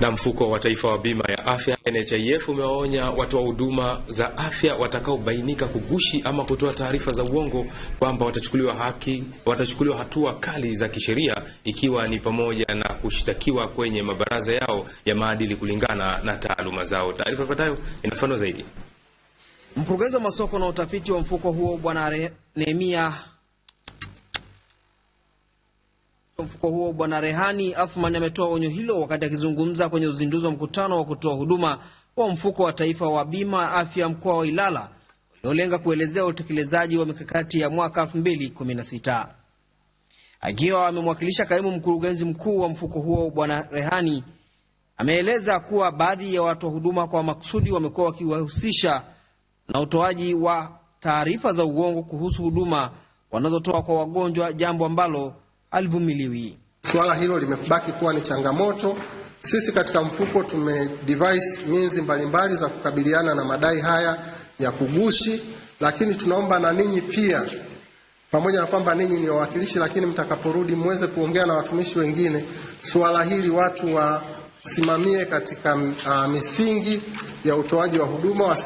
Na mfuko wa taifa wa bima ya afya NHIF umewaonya watoa huduma za afya watakaobainika kugushi ama kutoa taarifa za uongo kwamba watachukuliwa haki, watachukuliwa hatua kali za kisheria, ikiwa ni pamoja na kushtakiwa kwenye mabaraza yao ya maadili kulingana na taaluma zao. Taarifa ifuatayo inafanua zaidi. Mkurugenzi wa masoko na utafiti wa mfuko huo Bwana Nehemia mfuko huo Bwana Rehani Athman ametoa onyo hilo wakati akizungumza kwenye uzinduzi wa mkutano wa kutoa huduma wa mfuko wa taifa wa bima ya afya mkoa wa Ilala uliolenga kuelezea utekelezaji wa mikakati ya mwaka 2016. Akiwa amemwakilisha kaimu mkurugenzi mkuu wa mfuko huo Bwana Rehani ameeleza kuwa baadhi ya watu wa huduma kwa makusudi wamekuwa wakiwahusisha na utoaji wa taarifa za uongo kuhusu huduma wanazotoa kwa wagonjwa, jambo ambalo alivumiliwi. Suala hilo limebaki kuwa ni changamoto. Sisi katika mfuko tume device means mbalimbali za kukabiliana na madai haya ya kugushi, lakini tunaomba na ninyi pia, pamoja na kwamba ninyi ni wawakilishi, lakini mtakaporudi muweze kuongea na watumishi wengine, suala hili watu wasimamie katika uh, misingi ya utoaji wa huduma,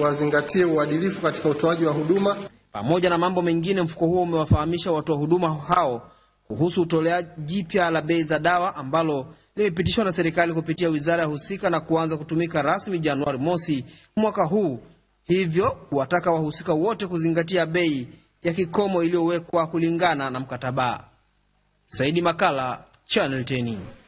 wazingatie was, uadilifu katika utoaji wa huduma. Pamoja na mambo mengine, mfuko huo umewafahamisha watoa huduma hao kuhusu utoleaji jipya la bei za dawa ambalo limepitishwa na serikali kupitia wizara ya husika na kuanza kutumika rasmi Januari mosi mwaka huu, hivyo kuwataka wahusika wote kuzingatia bei ya kikomo iliyowekwa kulingana na mkataba. Saidi Makala, Channel 10.